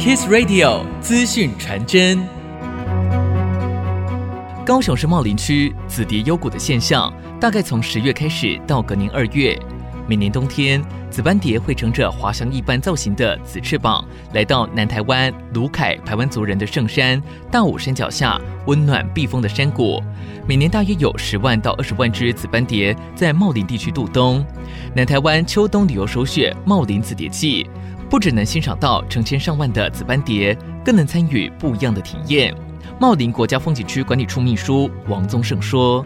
Kiss Radio 資訊傳真。高雄市茂林區紫蝶幽谷的現象，大概從十月開始到隔年二月，每年冬天，紫斑蝶會乘著滑翔翼般造型的紫翅膀，來到南台灣魯凱、排灣族人的聖山大武山腳下，溫暖避風的山谷。每年大約有十萬到二十萬隻紫斑蝶在茂林地區度冬。南台灣秋冬旅遊首選茂林紫蝶季。不只能欣賞到成千上萬的紫斑蝶，更能參與不一樣的體驗。茂林國家風景區管理處秘書王宗聖說：“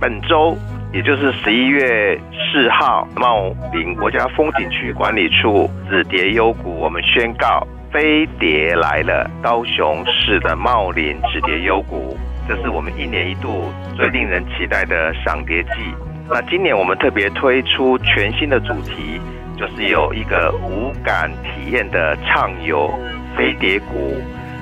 本周，也就是十一月四號，茂林國家風景區管理處紫蝶幽谷，我們宣告飛蝶來了。高雄市的茂林紫蝶幽谷，這是我們一年一度最令人期待的賞蝶季。那今年我們特別推出全新的主題。”就是有一個五感體驗的暢遊飛蝶谷，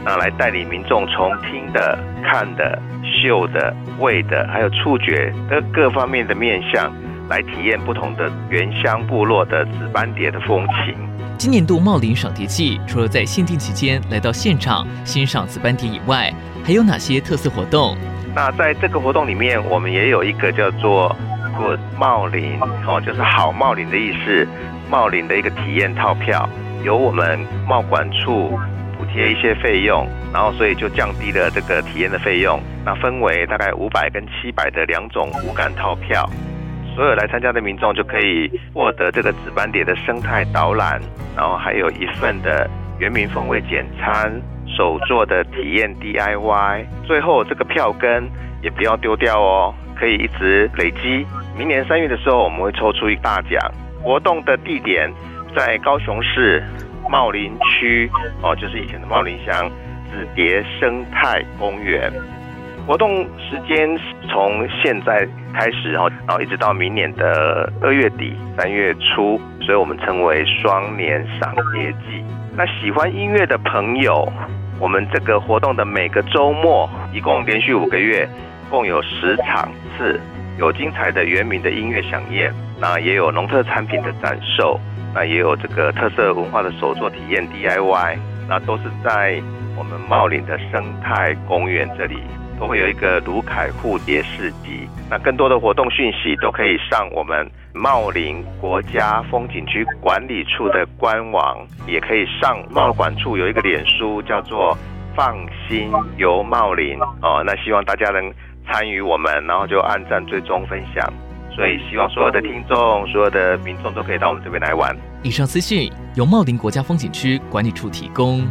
那來帶領民眾從聽的、看的、嗅的、味的，還有觸覺的各方面的面向，來體驗不同的原鄉部落的紫斑蝶的風情。今年度茂林賞蝶季，除了在限定期間來到現場欣賞紫斑蝶以外，還有哪些特色活動？那在這個活動裡面，我們也有一個叫做。過茂林哦，就是好茂林的意思，茂林的一個體驗套票，由我們茂管處補貼一些費用，然後所以就降低了這個體驗的費用。那分為大概五百跟七百的兩種五感套票，所有來參加的民眾就可以獲得這個紫斑蝶的生態導覽，然後還有一份的原民風味簡餐、手作的體驗 DIY，最後這個票根也不要丟掉哦，可以一直累積。明年三月的時候，我們會抽出一個大獎。活動的地點在高雄市茂林區，哦，就是以前的茂林鄉紫蝶生態公園。活動時間從現在開始，然後一直到明年的二月底三月初，所以我們稱為雙年賞蝶季。那喜歡音樂的朋友，我們這個活動的每個周末，一共連續五個月，共有十場次。有精彩的原民的音樂饗宴，那也有農特產品的展售，那也有這個特色文化的手作體驗 DIY，那都是在我們茂林的生態公園這裡都會有一個魯凱蝴蝶市集。那更多的活動訊息都可以上我們茂林國家風景區管理處的官網，也可以上茂管處有一個臉書叫做“放心遊茂林”。哦，那希望大家能。參與我們，然後就按讚、追蹤、分享，所以希望所有的聽眾、所有的民眾都可以到我們這邊來玩。以上資訊由茂林國家風景區管理處提供。